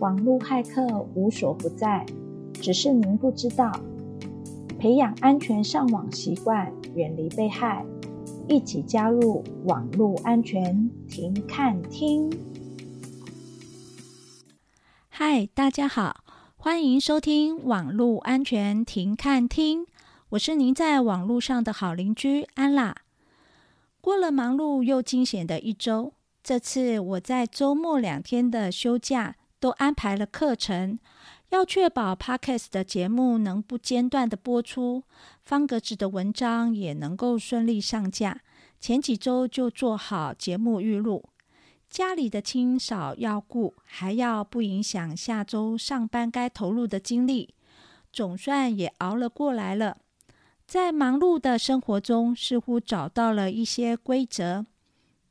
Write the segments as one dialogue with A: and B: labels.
A: 網絡駭客無所不在，只是您不知道。培養安全上網習慣，遠離被害，一起加入網絡安全停看聽。嗨，大家好，歡迎收聽網絡安全停看聽。我是您在網絡上的好鄰居，安娜。過了忙碌又驚險的一周，這次我在周末兩天的休假。都安排了課程，要確保 Podcast 的節目能不間斷的播出，方格子的文章也能夠順利上架，前幾周就做好節目預錄。家裡的清掃要顧，還要不影響下周上班該投入的精力，總算也熬了過來了。在忙碌的生活中，似乎找到了一些規則。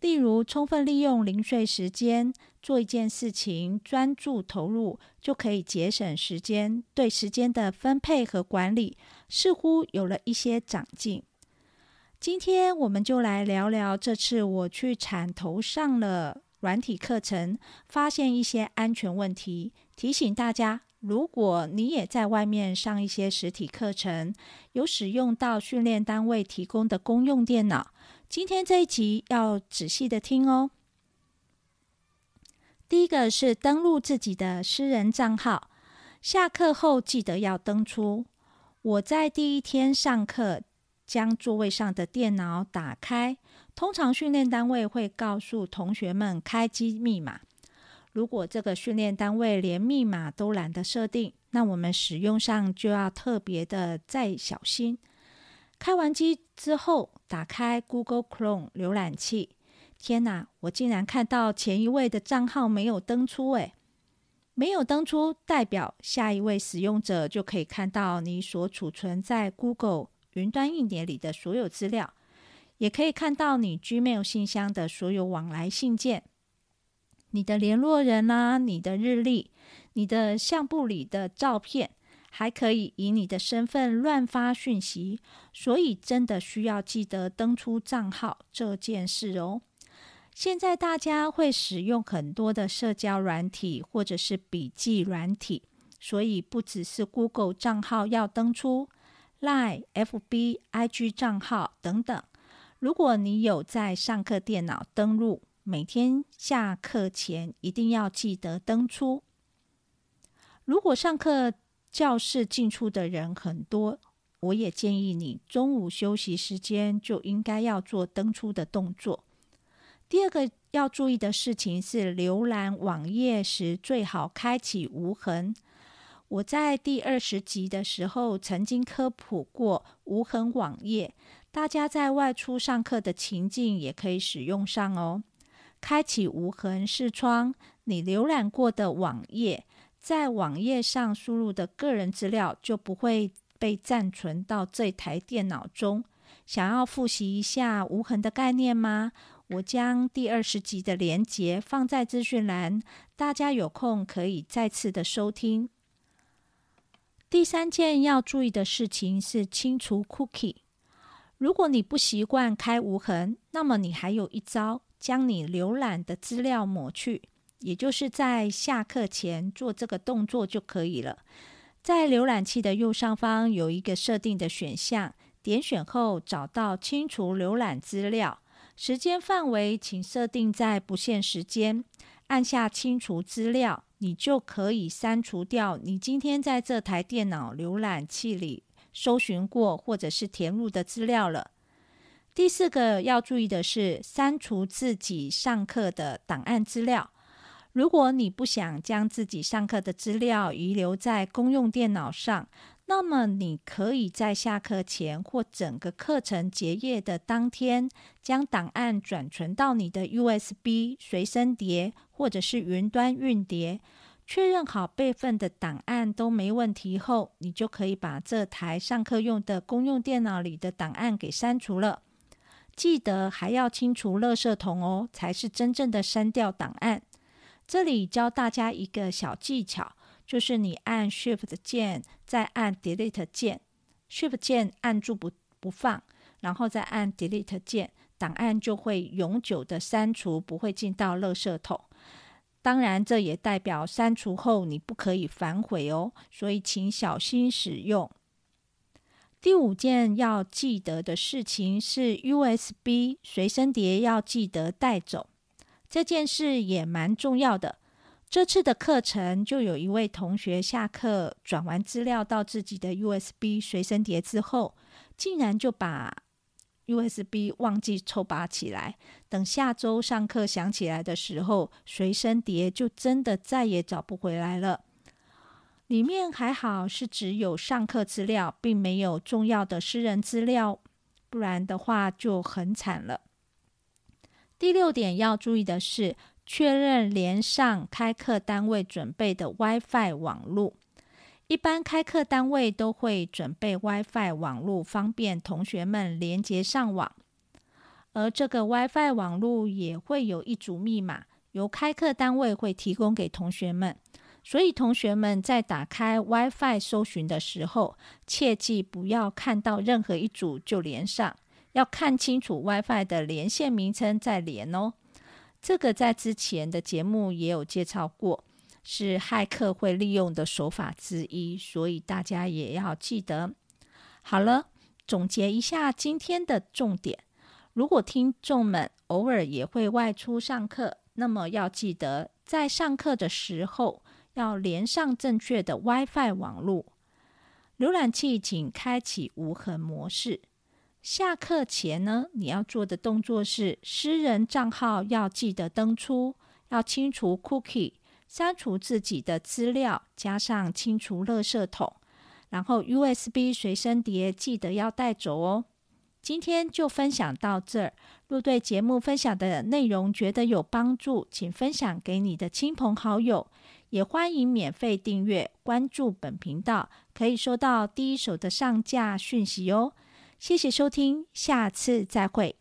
A: 例如，充分利用零碎時間做一件事情，專注投入，就可以節省時間。對時間的分配和管理，似乎有了一些長進。今天我們就來聊聊這次我去產投上了軟體課程，發現一些安全問題，提醒大家：如果你也在外面上一些實體課程，有使用到訓練單位提供的公用電腦。今天這一集要仔細的聽哦。第一個是登錄自己的私人賬號，下課後記得要登出。我在第一天上課，將座位上的電腦打開，通常訓練單位會告訴同學們開機密碼。如果這個訓練單位連密碼都懶得設定，那我們使用上就要特別的再小心。開完機之後，打開 Google Chrome 瀏覽器。天哪，我竟然看到前一位的賬號沒有登出誒！沒有登出，代表下一位使用者就可以看到你所儲存在 Google 雲端硬碟裡的所有資料，也可以看到你 Gmail 信箱的所有往來信件、你的聯絡人啦、啊、你的日曆、你的相簿裡的照片。還可以以你的身份亂發訊息，所以真的需要記得登出賬號這件事哦。現在大家會使用很多的社交軟體或者是筆記軟體，所以不只是 Google 賬號要登出，LINE、FB、IG 賬號等等。如果你有在上課電腦登錄，每天下課前一定要記得登出。如果上課，教室進出的人很多，我也建議你中午休息時間就應該要做登出的動作。第二個要注意的事情是，瀏覽網頁時最好開啟無痕。我在第二十集的時候曾經科普過無痕網頁，大家在外出上課的情境也可以使用上哦。開啟無痕視窗，你瀏覽過的網頁，在網頁上輸入的個人資料就不會被暫存到這台電腦中。想要複習一下無痕的概念嗎？我將第二十集的連結放在資訊欄，大家有空可以再次的收聽。第三件要注意的事情是清除 cookie。如果你不習慣開無痕，那麼你還有一招，將你瀏覽的資料抹去。也就是在下課前做這個動作就可以了。在瀏覽器的右上方有一個設定的選項，點選後找到清除瀏覽資料，時間範圍請設定在不限時間，按下清除資料，你就可以刪除掉你今天在這台電腦瀏覽器裡搜尋過或者是填入的資料了。第四個要注意的是，刪除自己上課的檔案資料。如果你不想將自己上課的資料遺留在公用電腦上，那麼你可以在下課前或整個課程結業的當天，將檔案轉存到你的 USB 隨身碟，或者是雲端硬碟。確認好備份的檔案都沒問題後，你就可以把這台上課用的公用電腦裡的檔案給刪除了。記得還要清除垃圾桶哦，才是真正的刪掉檔案。這裡教大家一個小技巧，就是你按 Shift 鍵，再按 Delete 鍵，Shift 鍵按住不不放，然後再按 Delete 鍵，檔案就會永久的刪除，不會進到垃圾桶。當然，這也代表刪除後你不可以反悔哦，所以請小心使用。第五件要記得的事情是 USB 隨身碟要記得帶走。這件事也蠻重要的。這次的課程就有一位同學下課轉完資料到自己的 USB 隨身碟之後，竟然就把 USB 忘記抽拔起來，等下周上課想起來的時候，隨身碟就真的再也找不回來了。裡面還好是只有上課資料，並沒有重要的私人資料，不然的話就很慘了。第六點要注意的是，確認連上開課單位準備的 WiFi 網絡。一般開課單位都會準備 WiFi 網絡，方便同學們連接上網。而這個 WiFi 網絡也會有一組密碼，由開課單位會提供給同學們。所以，同學們在打開 WiFi 搜尋的時候，切記不要看到任何一組就連上。要看清楚 WiFi 的連線名稱再連哦。這個在之前的節目也有介紹過，是駭客會利用的手法之一，所以大家也要記得。好了，總結一下今天的重點：如果聽眾們偶爾也會外出上課，那麼要記得在上課的時候要連上正確的 WiFi 網絡，瀏覽器請開啟無痕模式。下課前呢，你要做的動作是：私人賬號要記得登出，要清除 cookie，刪除自己的資料，加上清除垃圾桶，然後 USB 隨身碟記得要帶走哦。今天就分享到這兒。若對節目分享的內容覺得有幫助，請分享給你的親朋好友，也歡迎免費訂閱關注本頻道，可以收到第一手的上架訊息哦。謝謝收聽，下次再會。